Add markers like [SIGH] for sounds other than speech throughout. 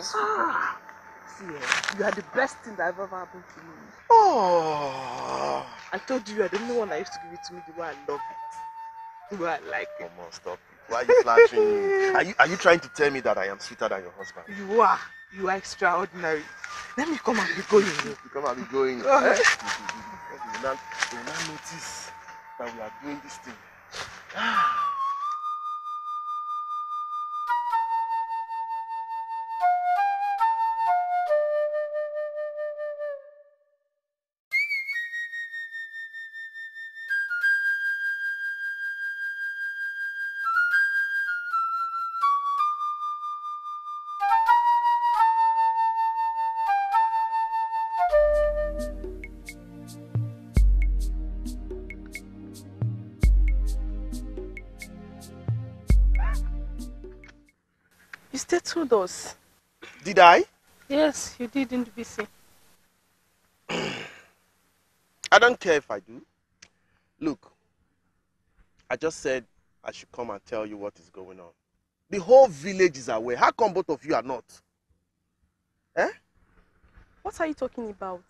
See, ah. you are the best thing that ever happened to me. Oh! I told you you are the only one that used to give it to me the way I love it. The way I like it. Come on, stop it. Why are you flattering me? Are you, are you trying to tell me that I am sweeter than your husband? You are. You are extraordinary. Let me come and be going. me come and be going. Go eh? you will not notice that we are doing this thing. Ah. those. Did I? Yes, you did in BC. [CLEARS THROAT] I don't care if I do. Look, I just said I should come and tell you what is going on. The whole village is aware. How come both of you are not? Eh? What are you talking about?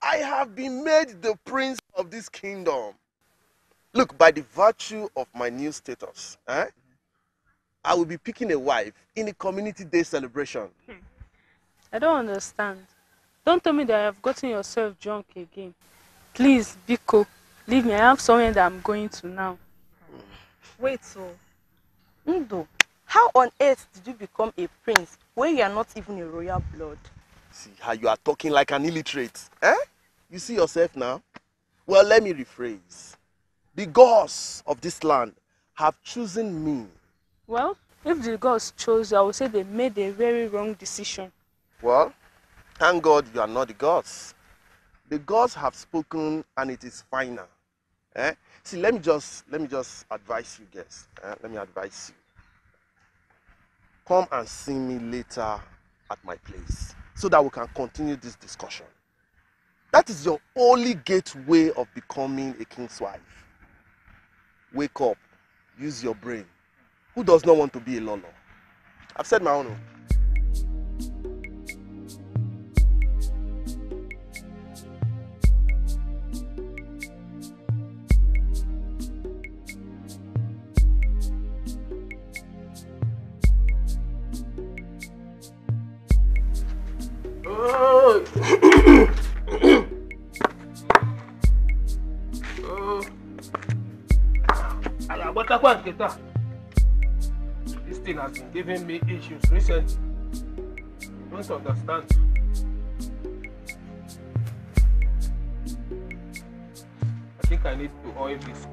I have been made the prince of this kingdom. Look, by the virtue of my new status, eh? I will be picking a wife in a community day celebration. Hmm. I don't understand. Don't tell me that you have gotten yourself drunk again. Please, Biko, leave me. I have somewhere that I'm going to now. Wait, so, Ndo, how on earth did you become a prince when you are not even a royal blood? See how you are talking like an illiterate. Eh? You see yourself now? Well, let me rephrase. The gods of this land have chosen me well, if the gods chose, I would say they made a very wrong decision. Well, thank God you are not the gods. The gods have spoken and it is final. Eh? See, let me just let me just advise you guys. Eh? Let me advise you. Come and see me later at my place so that we can continue this discussion. That is your only gateway of becoming a king's wife. Wake up, use your brain. Who does not want to be a lolo? I've said my own. uh, ala thing has giving me issues recently. Don't understand. I think I need to oil this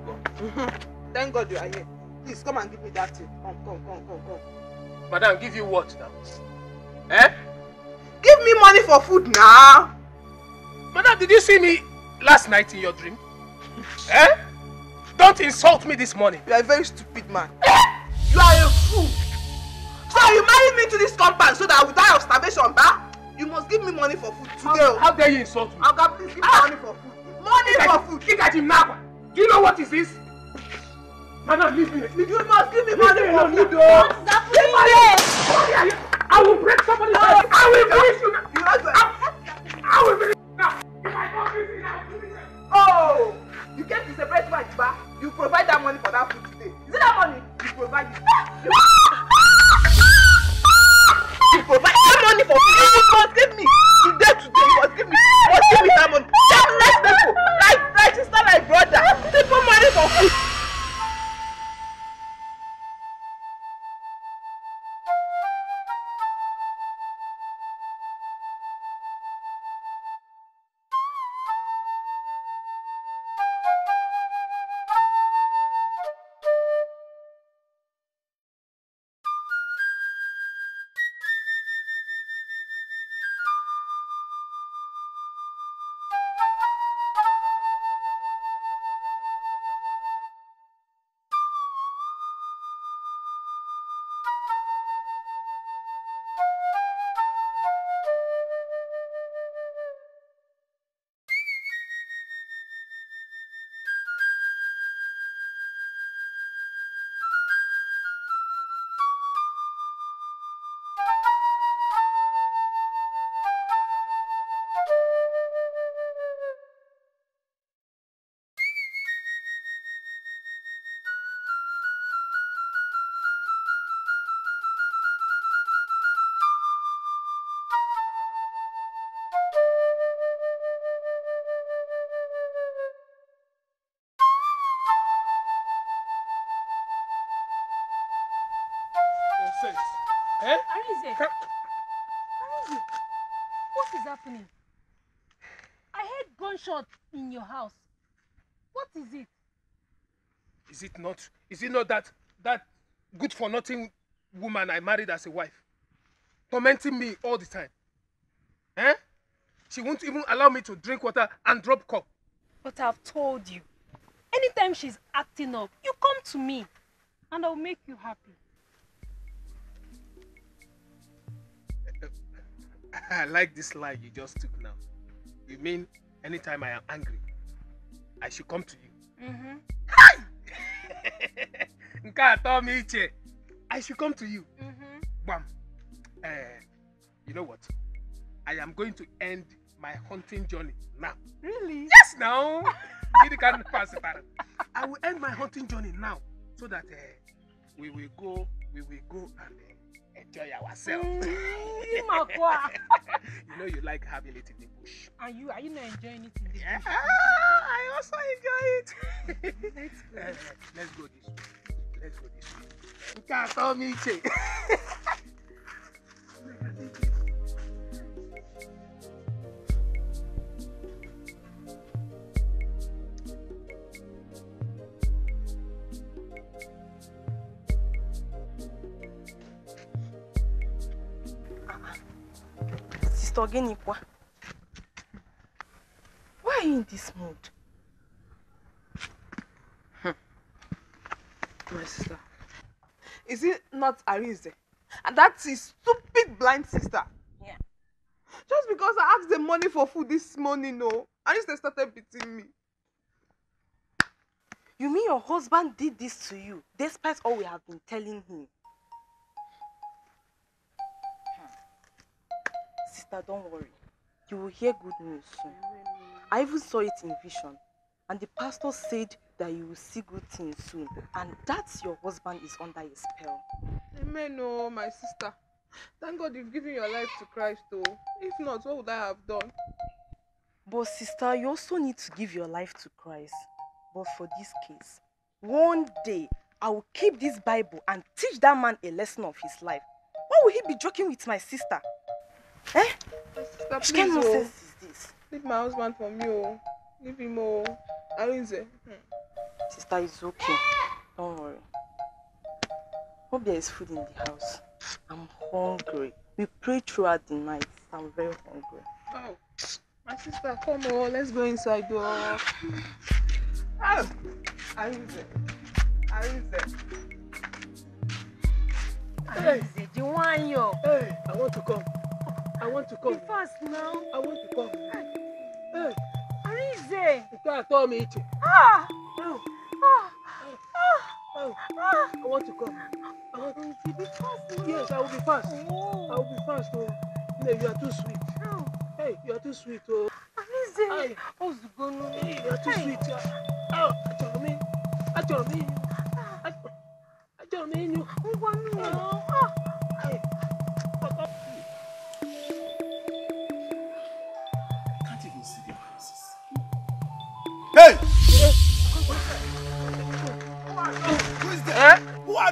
gun. [LAUGHS] Thank God you are here. Please come and give me that thing. Come, come, come, come, come. Madam, give you what now? Eh? Give me money for food now. Madam, did you see me last night in your dream? [LAUGHS] eh? Don't insult me this morning. You are a very stupid man. Eh? you are a fool. you marry me to this compound so that I will die of starvation, ba? You must give me money for food today. How, oh. how dare you insult me? Oga, okay, please give ah. money for food. Money for food. Kikaji Nagwa. Do you know what is this? Madam, leave me. Leave you must give me money for food, though. Leave me alone. I will break somebody's head. Oh, I will finish you now. You know that? I will finish you now. If I don't finish you, I will finish it. Oh, you came to separate my bar. You provide that money for that food today. Is it that money? You provide it. Ah! provide that money for people. you go me today today What is happening? I heard gunshots in your house. What is it? Is it not? Is it not that that good-for-nothing woman I married as a wife? Tormenting me all the time. Eh? She won't even allow me to drink water and drop cup. But I've told you, anytime she's acting up, you come to me and I'll make you happy. [LAUGHS] I like this line you just took now. You mean anytime I am angry, I should come to you? Mm-hmm. [LAUGHS] Nke I should come to you. Mm-hmm. Bam. Uh, you know what? I am going to end my hunting journey now. Really? Yes, now. [LAUGHS] I will end my hunting journey now so that uh, we will go, we will go and uh, enjoy ourselves. Mm, [LAUGHS] [LAUGHS] you know you like having it in the bush. And you are you not enjoying it in the yeah, bush? I also enjoy it. [LAUGHS] let's go. Uh, let's go this way. Let's go this way. You can't tell me. Mr. Ogenipa, why are you in this mood? Hmm. My sister. Is it not Arise? And that's his stupid blind sister. Yeah. Just because I asked the money for food this morning, no. Arise, they started beating me. You mean your husband did this to you, despite all we have been telling him? don't worry. You will hear good news soon. I even saw it in vision. And the pastor said that you will see good things soon. And that your husband is under a spell. Amen, oh, my sister. Thank God you've given your life to Christ, though. If not, what would I have done? But sister, you also need to give your life to Christ. But for this case, one day, I will keep this Bible and teach that man a lesson of his life. Why will he be joking with my sister? Eh? Sister, kind of nonsense Is this? Leave my husband for me, oh. Leave him, oh. Arinze. Hmm. Sister, it's okay. Don't worry. Hope there is food in the house. I'm hungry. We prayed throughout the night. I'm very hungry. Oh, my sister, come on. Oh. Let's go inside, door. Oh. Arinze. Arinze. Arinze, do you want you? Hey, I want to come. I want to come. Be fast now. I want to come. Hey. Arinze. You can't tell me it. Ah. Oh! Oh! Oh, ah. I want to come. I want to be fast. Now. Yes, I will be fast. Oh. I will be fast. Oh, no, you are too sweet. Oh. Hey, you are too sweet. Oh, Arinze. Hey, what's going Hey, you are too hey. sweet. Oh, I tell me, I tell me, ah. I tell me, you. Oh, one. Oh.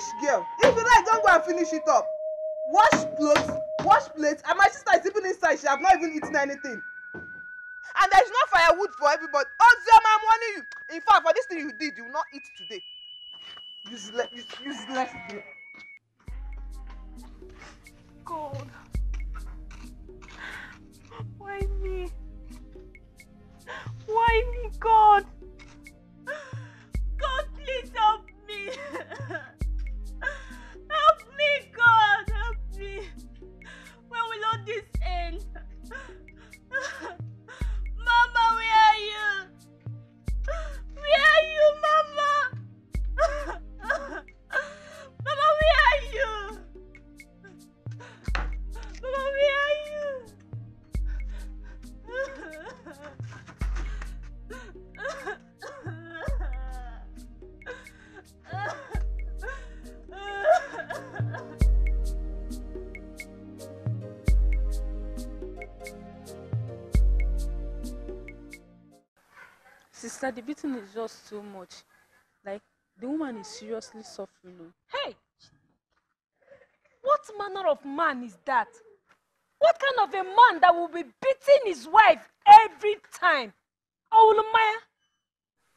selfish girl if you like don go and finish it up wash cloth wash plate and my sister is even inside she have not even eaten anything and there is no firewood for everybody ozioma i'm warning you in fact for this thing you did you will not eat today useless useless girl. God. Why me? Why me, God? Sir, the beating is just too much. Like, the woman is seriously suffering. Hey! What manner of man is that? What kind of a man that will be beating his wife every time? Olumaya?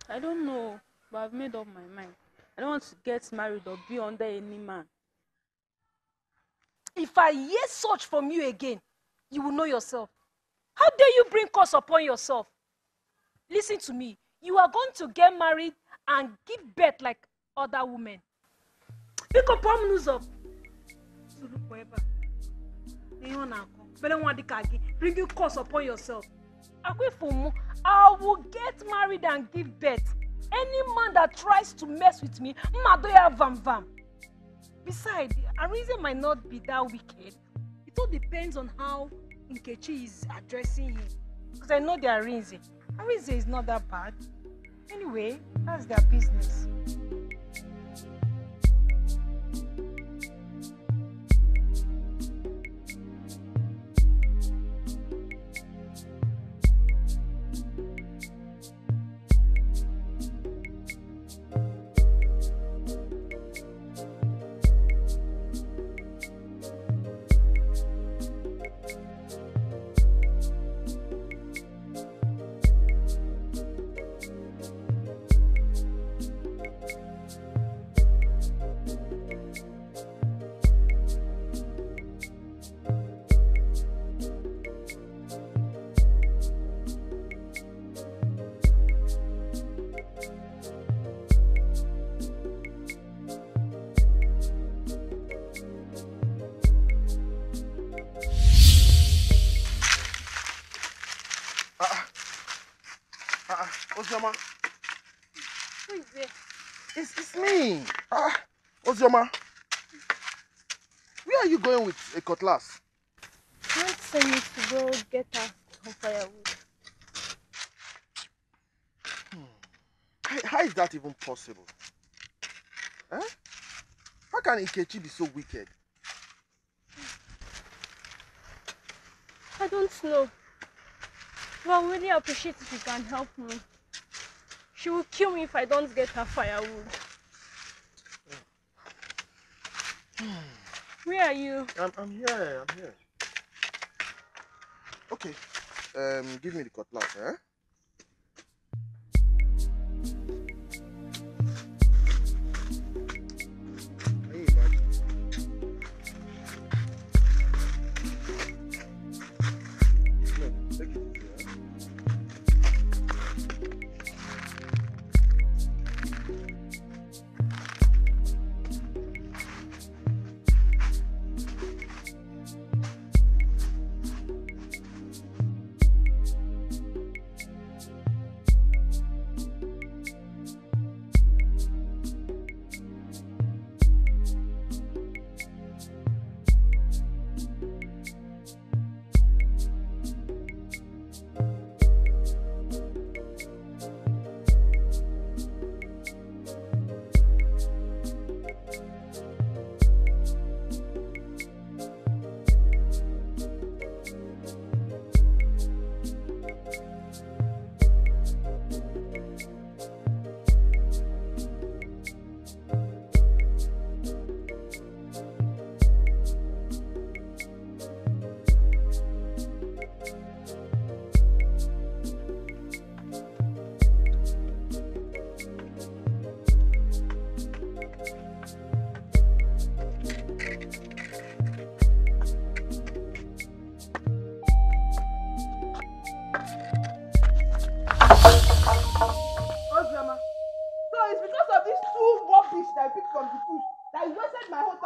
I don't know, but I've made up my mind. I don't want to get married or be under any man. If I hear such from you again, you will know yourself. How dare you bring curse upon yourself? Listen to me you are going to get married and give birth like other women. Biko pụọ m n'ụzọ suru pụọ ebe a. Ihe ọ na-akọ, mere nwa dịka gị, bring you curse upon yourself. Akwifu m, I will get married and give birth. Any man that tries to mess with me, mmado ya vam vam. Besides, Arinze might not be that wicked. It all depends on how Nkechi is addressing him. Because I know they are Arinze. Arise is not that bad. Anyway, that's their business. going with a cutlass. Can't send me to go get us firewood. Hmm. How is that even possible? Huh? Eh? How can Ikechi be so wicked? I don't know. But I really appreciate if you can help me. She will kill me if I don't get her firewood. Where are you? I'm, I'm here. I'm here. Okay. Um, give me the cutlass, eh?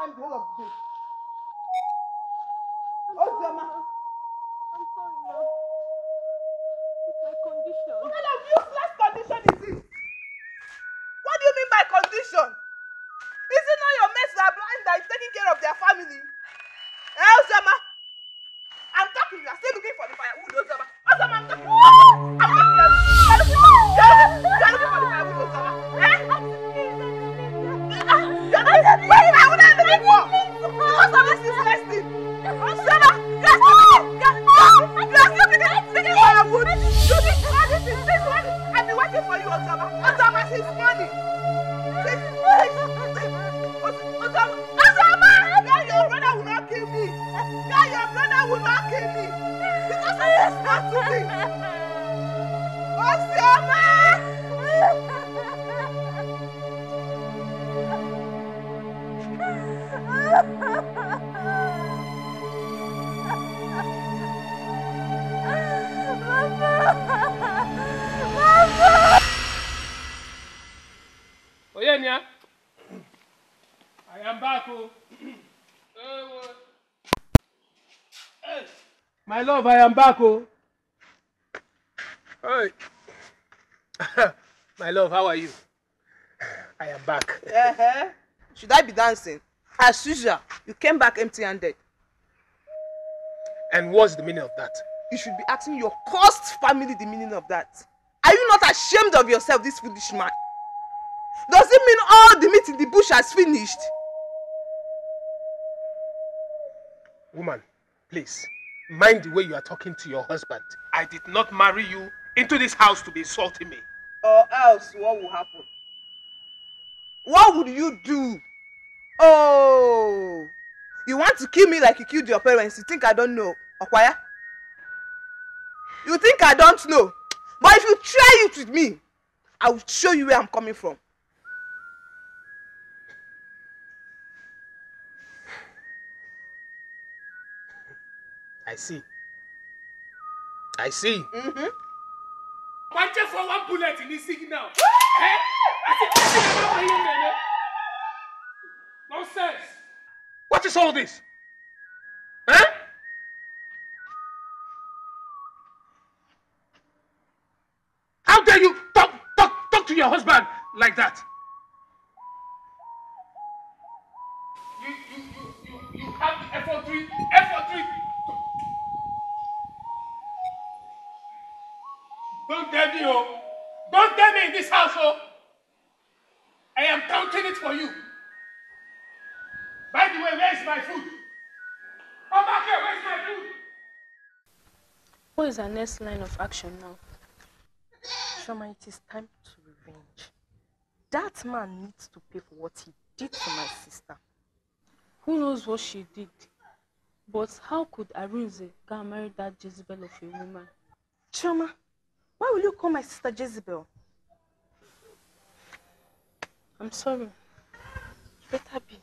time the whole of the day. I'm oh, sorry. Zema. I'm sorry, ma'am. My love, I am back, oh. Hey. [LAUGHS] My love, how are you? I am back. Uh-huh. Should I be dancing? As usual, you came back empty-handed. And what's the meaning of that? You should be asking your cursed family the meaning of that. Are you not ashamed of yourself, this foolish man? Does it mean all the meat in the bush has finished? Woman, please. Mind the way you are talking to your husband. I did not marry you into this house to be insulting me. Or else what will happen? What would you do? Oh, you want to kill me like you killed your parents. You think I don't know, Okwaya? You think I don't know? But if you try it with me, I will show you where I'm coming from. I see. I see. Wọ́n jẹ́ fọ one bullet in ní signal. Hey! àti tí Nonsense. What is all this? Huh? Eh? How dare you talk, talk, talk to your husband like that? You, you, you, you, you have effort three, effort three. me, oh. Don't get me in this house, oh. I am counting it for you. By the way, where is my food? Come back here, where is my food? What is our next line of action now? Shoma, it is time to revenge. That man needs to pay for what he did to my sister. Who knows what she did? But how could Arunze get married that Jezebel of a woman? Choma, Why will you call my sister Jezebel? I'm sorry. Better be.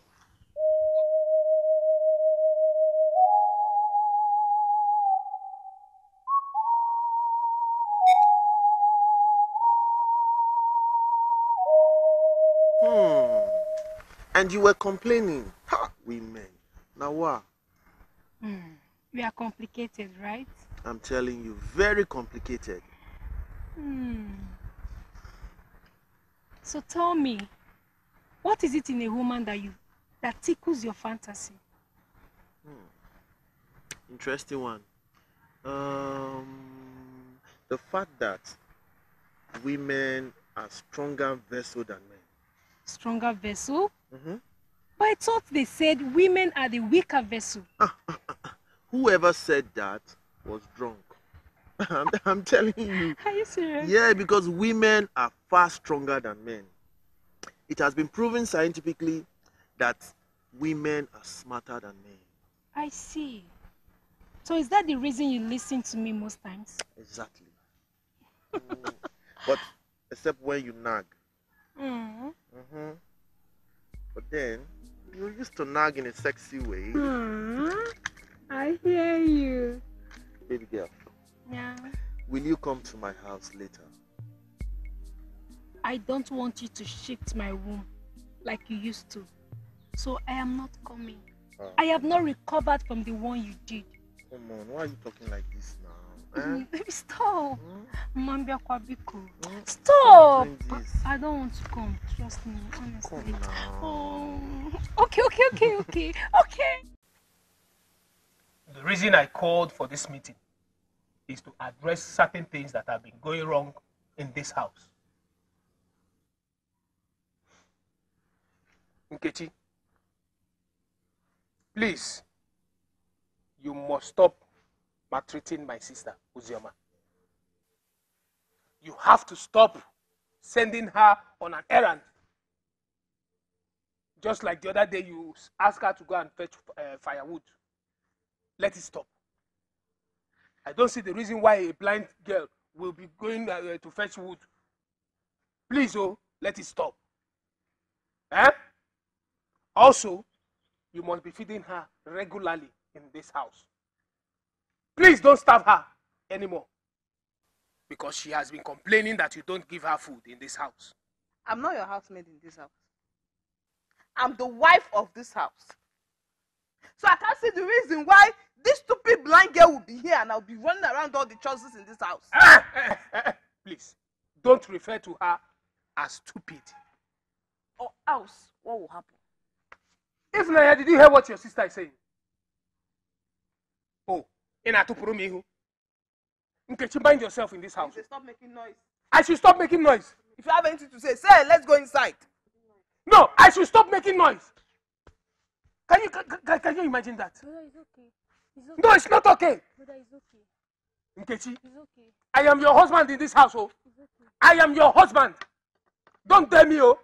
Hmm. And you were complaining. Ha! Women. Now what? Hmm. We are complicated, right? I'm telling you, very complicated. Hmm. So tell me, what is it in a woman that you that tickles your fantasy? Hmm. Interesting one. Um, the fact that women are stronger vessel than men. Stronger vessel? Mm -hmm. But I thought they said women are the weaker vessel. Ah, ah, ah, Whoever said that was drunk. [LAUGHS] I'm, I'm telling you. Are you serious? Yeah, because women are far stronger than men. It has been proven scientifically that women are smarter than men. I see. So is that the reason you listen to me most times? Exactly. Mm. But except when you nag. Mm. Mm-hmm. But then you used to nag in a sexy way. Mm. I hear you. Baby girl. Yeah. Will you come to my house later? I don't want you to shift my room like you used to. So I am not coming. Oh. I have not recovered from the one you did. Come on, why are you talking like this now? Eh? [LAUGHS] Baby, stop. Hmm? Mambia Kwabiko. Hmm? Stop. I don't want to come. Trust me, honestly. Come now. Oh. Okay, okay, okay, okay. [LAUGHS] okay. The reason I called for this meeting is to address certain things that have been going wrong in this house. Nkechi, please, you must stop maltreating my sister, Uzioma. You have to stop sending her on an errand. Just like the other day, you asked her to go and fetch uh, firewood. Let it stop. I don't see the reason why a blind girl will be going uh, uh, to fetch wood. Please, oh, let it stop. Eh? Also, you must be feeding her regularly in this house. Please don't starve her anymore. Because she has been complaining that you don't give her food in this house. I'm not your housemaid in this house. I'm the wife of this house. So I can't see the reason why this stupid blind girl will be here and I'll be running around all the choices in this house. Ah, eh, eh, eh, please, don't refer to her as stupid. Or else, what will happen? If Naya, did you hear what your sister is saying? Oh, in Atupurumihu. Nkechi, bind yourself in this house. Please, stop making noise. I should stop making noise. If you have anything to say, say, let's go inside. No, I should stop making noise. Can you can, can you imagine that? No, it's okay. No, it's not okay. Brother, it's okay. Nkechi, it's okay. I am your husband in this household. Oh. It's okay. I am your husband. Don't dare me, oh.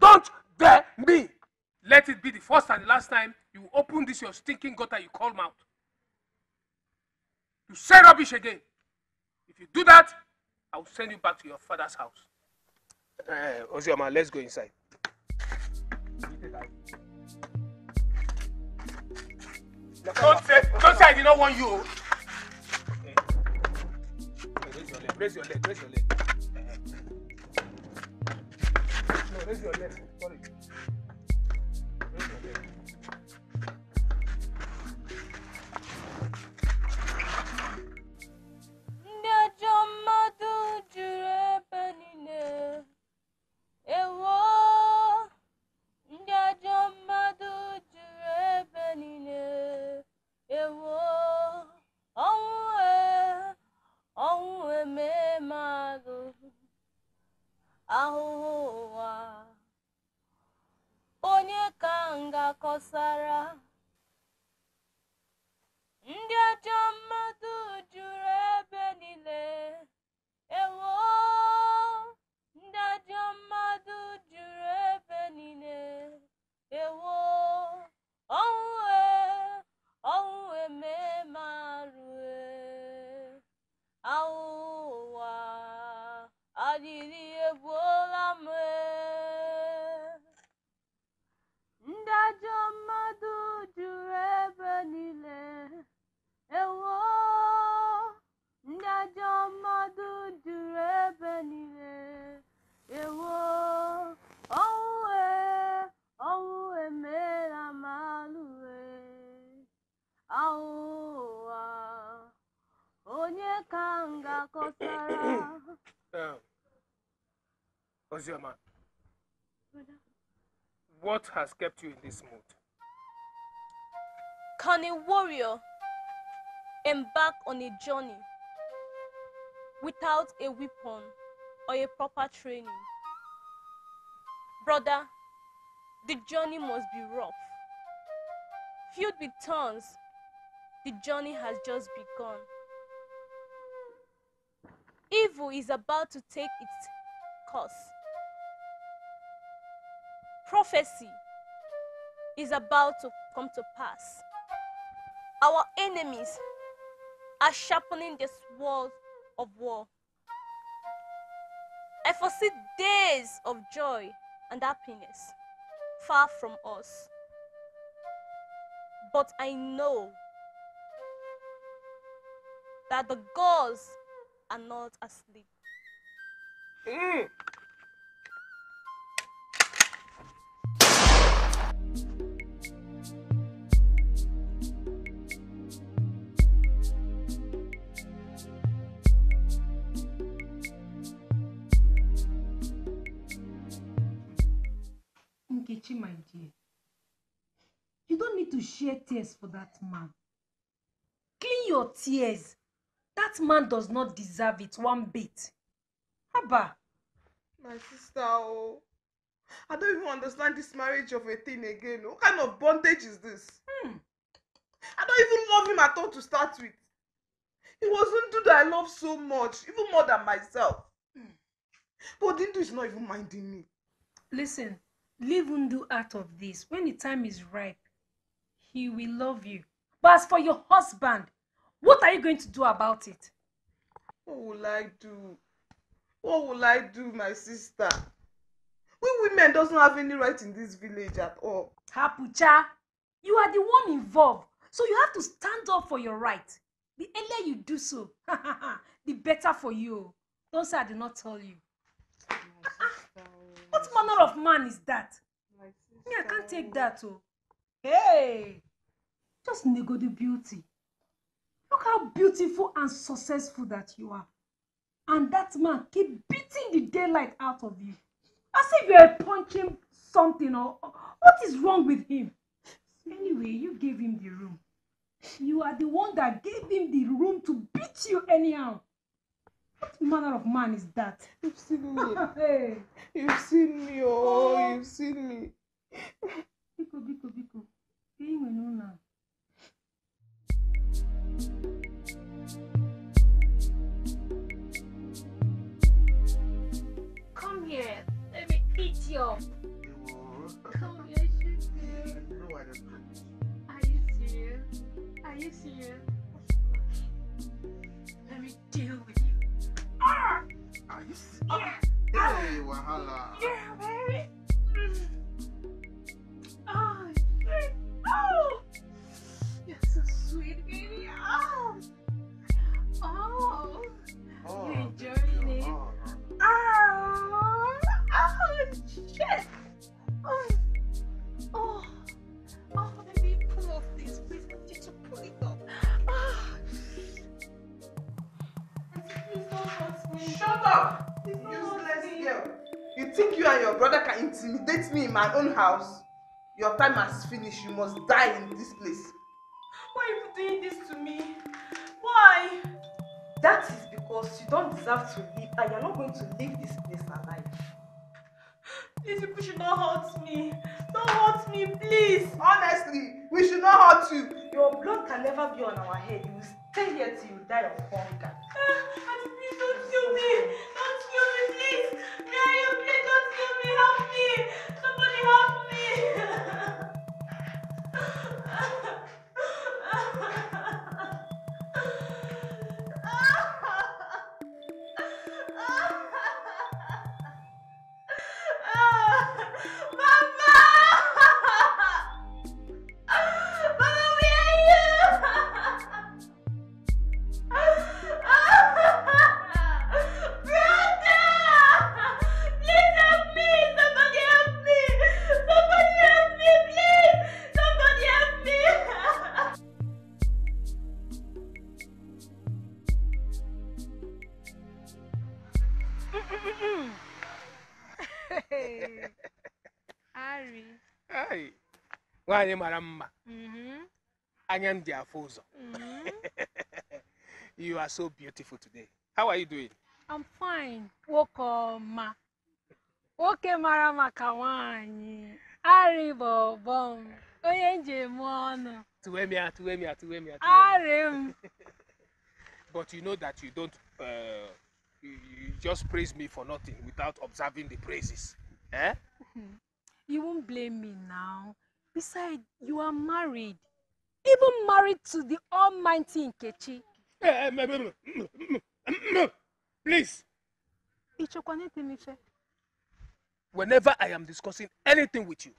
Don't dare me. Let it be the first and last time you open this your stinking gutter you call mouth. You say rubbish again. If you do that, I will send you back to your father's house. Uh, Ozioma, let's go inside. Don't say Coach, I did not want you. Raise your leg, raise your leg, raise your leg. No, raise your leg. Sorry. Um, Ozioma, what has kept you in this mood? Can a warrior embark on a journey without a weapon or a proper training? Brother, the journey must be rough. Filled with thorns, the journey has just begun. Evil is about to take its course. Prophecy is about to come to pass. Our enemies are sharpening their swords of war. I foresee days of joy and happiness far from us. But I know that the gods and not asleep. Mm. Nkechi, my dear, you don't need to share tears for that man. Clean your tears. That man does not deserve it one bit. Haba. My sister, oh. I don't even understand this marriage of a thing again. Oh. What kind of bondage is this? Hmm. I don't even love him at all to start with. He was not dude I love so much, even more than myself. Hmm. But Ndu is not even minding me. Listen, leave Ndu out of this. When the time is ripe, he will love you. But as for your husband, what are you going to do about it? What will I do? What will I do, my sister? We women doesn't have any right in this village at all. Hapucha, you are the one involved, so you have to stand up for your right. The earlier you do so, [LAUGHS] the better for you. Don't say I did not tell you. what manner of man is that? Me, I can't take that. Oh. Hey! Just nego the beauty. Look how beautiful and successful that you are. And that man keep beating the daylight out of you. As if you're punching something or, or what is wrong with him? Anyway, you gave him the room. You are the one that gave him the room to beat you anyhow. What manner of man is that? You've seen me. [LAUGHS] hey. You've seen me. Oh, oh. you've seen me. Biko, Biko, Biko. in my own house. Your time has finished. You must die in this place. Why are you doing this to me? Why? That is because you don't deserve to live and you're not going to leave this place alive. Please, you should not hurt me. Don't hurt me, please. Honestly, we should not hurt you. Your blood can never be on our head. You will stay here till you die of hunger. nwaanyị mara mma mm-hmm. anya ndị afọ ụzọ mm-hmm. [LAUGHS] you are so beautiful today how are you doing i'm fine nwoke ọma nwoke mara maka nwaanyị arị bụ ọbọ m onye nji eme ọnụ arị m [LAUGHS] but you know that you don't uh, you just praise me for nothing without observing the praises eh? [LAUGHS] you won't blame me now Besides, you are married. Even married to the almighty Nkechi. Please. Whenever I am discussing anything with you,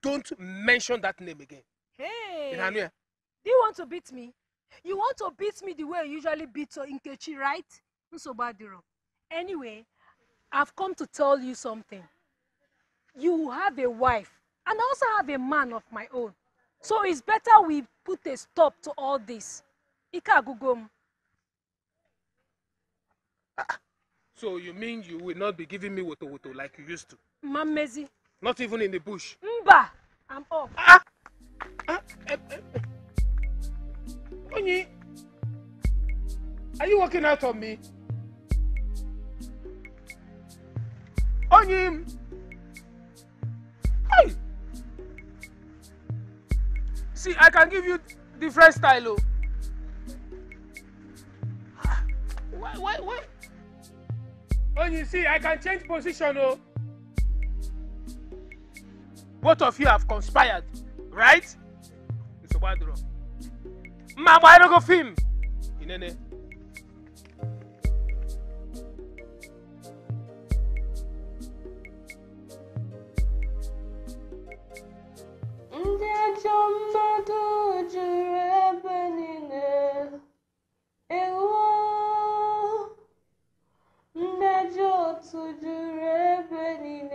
don't mention that name again. Hey. Do you want to beat me? You want to beat me the way you usually beat Nkechi, right? so bad, Nsobadiro. Anyway, I've come to tell you something. You have a wife and I also have a man of my own. So it's better we put a stop to all this. gugum. So you mean you will not be giving me woto woto like you used to? Mamezi. Not even in the bush? Mba! I'm off. Ah! Ah! Eh, eh. eh. Are you working out on me? Onyi! Hey! see i can give you different style o. Oh. why why why. oh you see i can change position o. Oh. both of you have conspired right. mr waduro mma agba i no go film. inene. ọdọọdún jùrọ ebe niile ịghọ mmejo otu juru ebe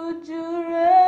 would you rather?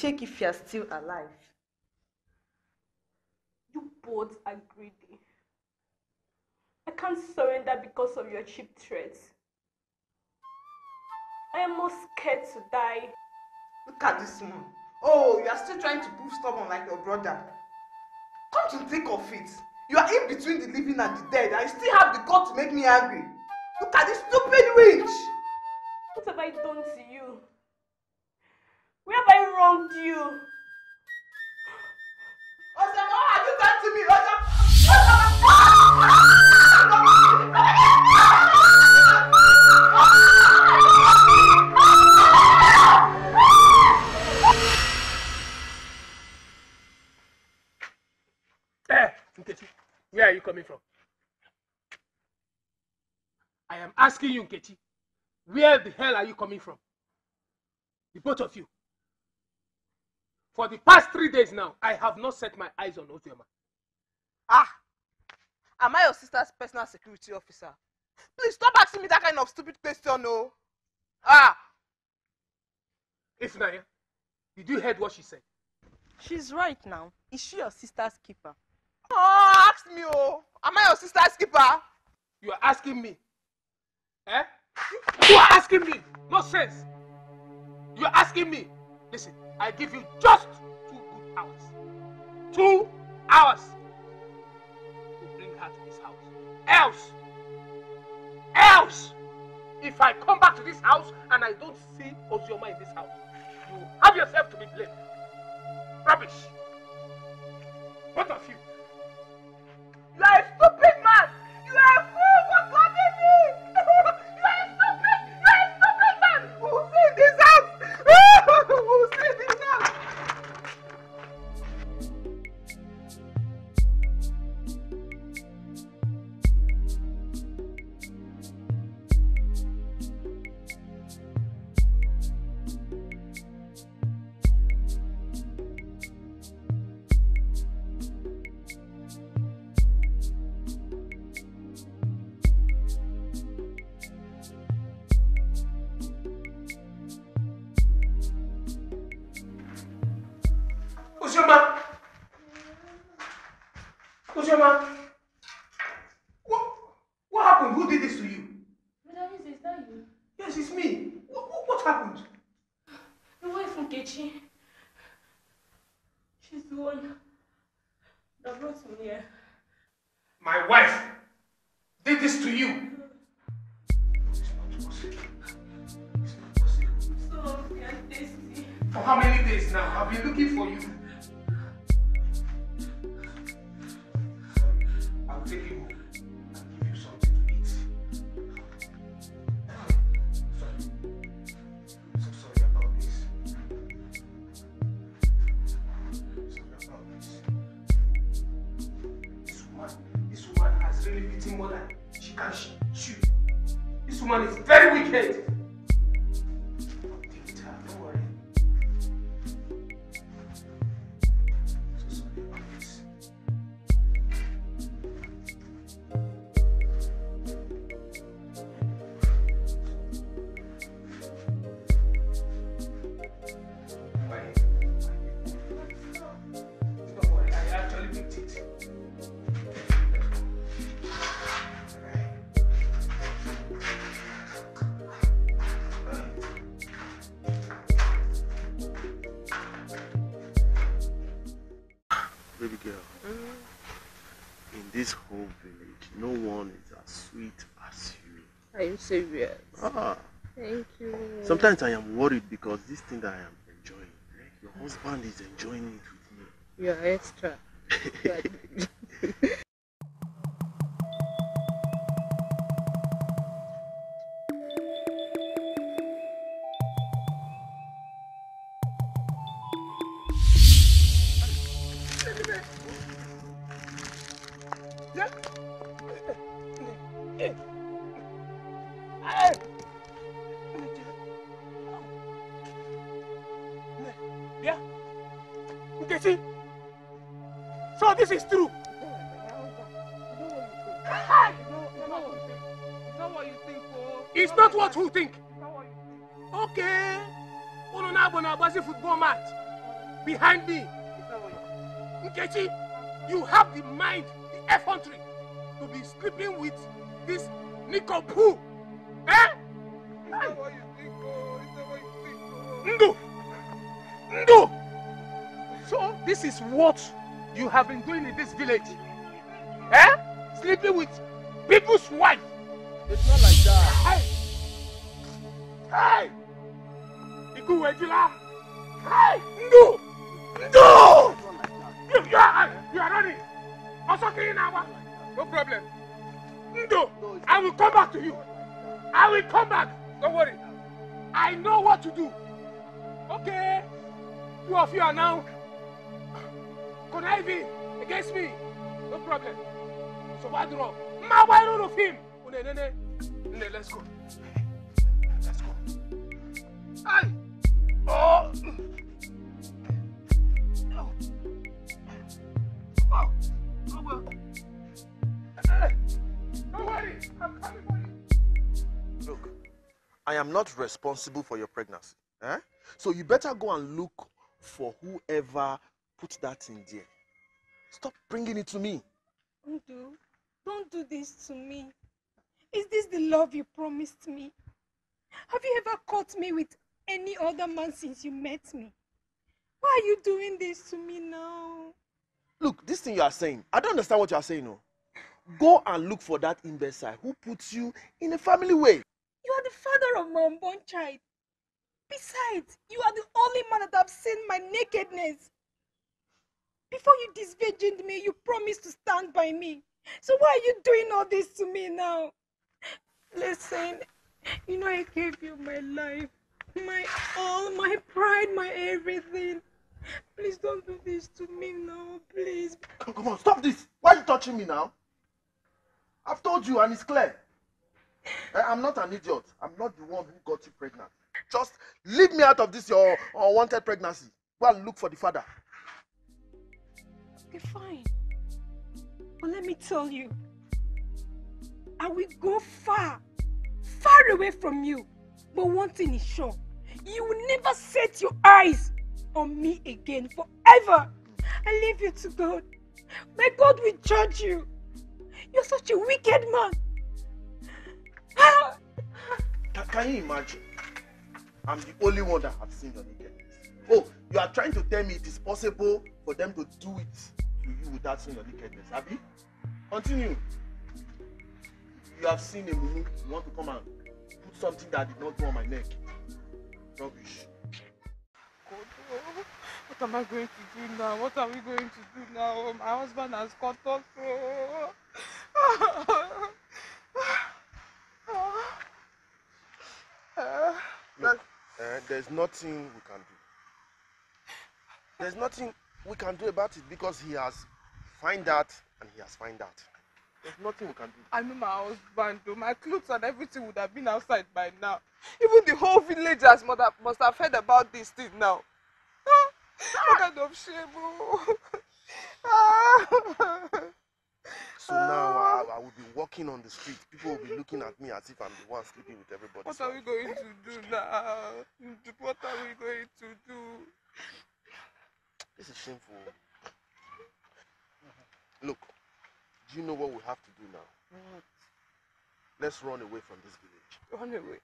check if you are still alive. You both are greedy. I can't surrender because of your cheap threats. I am more scared to die. Look at this man. Oh, you are still trying to prove stubborn like your brother. Come to think of it. You are in between the living and the dead, and you still have the God to make me angry. Look at this stupid witch! What have I done to you? Where have I wronged you. Osama, what have you done to me? Osama, Osama. Osama. Hey, Nkechi, where are you coming from? I am asking you, Nkechi, where the hell are you coming from? The both of you. For the past three days now, I have not set my eyes on Ozioma. Ah, am I your sister's personal security officer? Please stop asking me that kind of stupid question, no. Oh. Ah. If Naya, did you hear what she said? She's right now. Is she your sister's keeper? Oh, ask me, oh. Am I your sister's keeper? You are asking me. Eh? You are asking me. No sense. You are asking me. Listen, I give you just two good hours. Two hours to bring her to this house. Else, else, if I come back to this house and I don't see Ozioma in this house, you have yourself to be blamed. Rubbish. Both of you. You are stupid. This woman is very wicked. Sometimes I am worried because this thing I am enjoying, your husband is enjoying it with me. You're extra. [LAUGHS] Yeah. this is true. It's not what you think. Okay. Unu na-abụ na-agbazi football match behind me. Nkechi, you have the mind, the effrontery to be sleeping with this Nico Poo. Eh? Ndu! Ndu! So this is what you have been doing in this village? Eh? Sleeping with people's wife? It's not like that. Hey! Hey! Iku Wejila! Hey! No! No! You, you are, you are running. Osoki Inawa. No problem. No, I will come back to you. I will come back. Don't worry. I know what to do. Okay. Two of you are now conniving against me. No problem. So why rock. My wine of him. Une, oh, nene. Nene, let's go. Let's go. Hey. Oh. Oh. Oh. Oh well. Look, I am not responsible for your pregnancy. Eh? So you better go and look for whoever Put that in there. Stop bringing it to me. Undo, don't do this to me. Is this the love you promised me? Have you ever caught me with any other man since you met me? Why are you doing this to me now? Look, this thing you are saying, I don't understand what you are saying. No. Go and look for that imbecile who puts you in a family way. You are the father of my unborn child. Besides, you are the only man that I've seen my nakedness. Before you disvirgined me, you promised to stand by me. So why are you doing all this to me now? Listen, you know I gave you my life, my all, my pride, my everything. Please don't do this to me now, please. Come, come on, stop this. Why are you touching me now? I've told you and it's clear. Eh, I, am not an idiot. I'm not the one who got you pregnant. Just leave me out of this your unwanted pregnancy. Go and look for the father. Be fine. But let me tell you, I will go far, far away from you. But one thing is sure, you will never set your eyes on me again forever. I leave you to God. My God will judge you. You're such a wicked man. Ah! can, can you imagine? I'm the only one that have seen your nakedness. Oh, you are trying to tell me it is possible for them to do it to you without seeing your nakedness abi continue you have seen a mumu you want to come and put something that did not go on my neck rubbish. Kodo, what am I going to do now? What are we going to do now? Oh, my husband has cut off. Oh. Look, uh, there's nothing we can do. There's nothing we can do about it because he has find out and he has find out. There's nothing we can do. I know my husband, though. My clothes and everything would have been outside by now. Even the whole village has mother must have heard about this thing now. Ah, what kind of shame? Oh. Ah. So now I, ah. I will be walking on the street. People will be looking at me as if I'm the one sleeping with everybody. What are we going to do now? What are we going to do? This is shameful. Look, do you know what we have to do now? What? Let's run away from this village. Run away?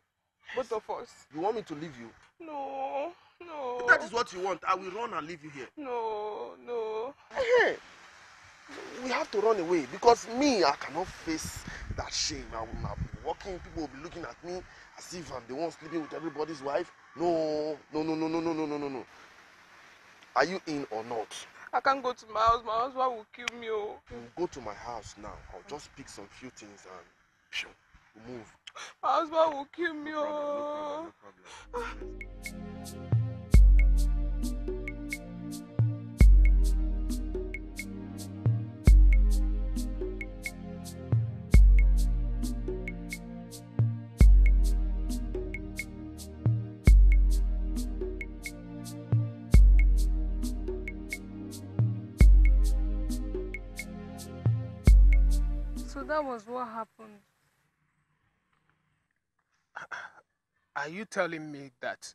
Both of us? You want me to leave you? No, no. If that is what you want. I will run and leave you here. No, no. Hey, we have to run away because me, I cannot face that shame. I will be walking, people will be looking at me as if I'm the one sleeping with everybody's wife. No, no, no, no, no, no, no, no, no. Are you in or not? I can't go to my house. My husband will kill me. Oh. We'll go to my house now. I'll just pick some few things and move. My husband will kill me. No problem, no problem, no oh. problem. that was what happened. [CLEARS THROAT] Are you telling me that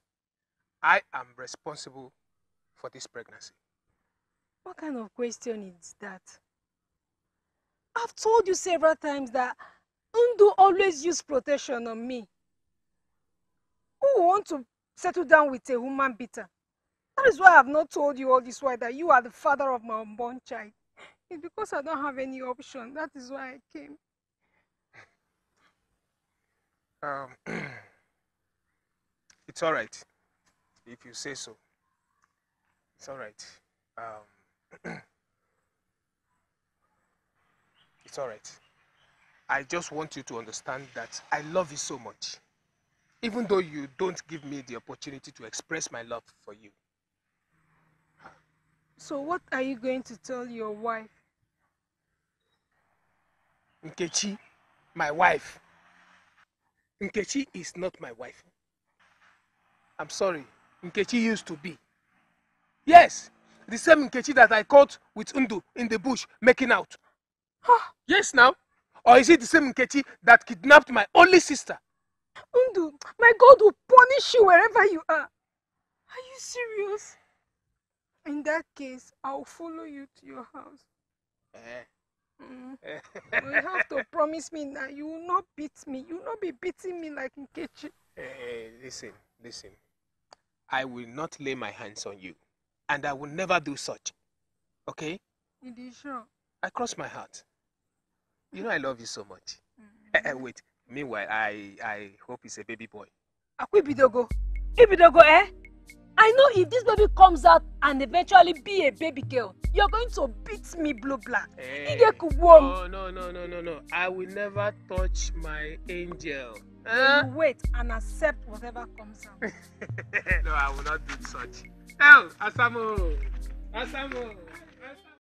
I am responsible for this pregnancy? What kind of question is that? I've told you several times that Undo always used protection on me. Who want to settle down with a woman beater? That is why I've not told you all this while that you are the father of my unborn child. It's because I don't have any option. That is why I came. Um, [CLEARS THROAT] it's all right if you say so. It's all right. Um, [CLEARS THROAT] it's all right. I just want you to understand that I love you so much. Even though you don't give me the opportunity to express my love for you. So what are you going to tell your wife? Nkechi, my wife. Nkechi is not my wife. I'm sorry. Nkechi used to be. Yes, the same Nkechi that I caught with Undu in the bush making out. Huh? Yes, now. Or is it the same Nkechi that kidnapped my only sister? Undu, my God will punish you wherever you are. Are you serious? In that case, I'll follow you to your house. Eh. Mm. you have to promise me that you will not beat me. You will not be beating me like Nkechi. Hey, eh, eh, listen, listen. I will not lay my hands on you. And I will never do such. Okay? It is sure. I cross my heart. You know I love you so much. Mm. Mm-hmm. Hey, eh, hey, wait. Meanwhile, I, I hope it's a baby boy. Akwibidogo. Ibidogo, eh? I know if this baby comes out and eventually be a baby girl, you're going to beat me blue black. Eh. Hey, no, oh, no, no, no, no, no. I will never touch my angel. Huh? You eh? wait and accept whatever comes out. [LAUGHS] no, I will not do such. Oh, Asamo! Asamo!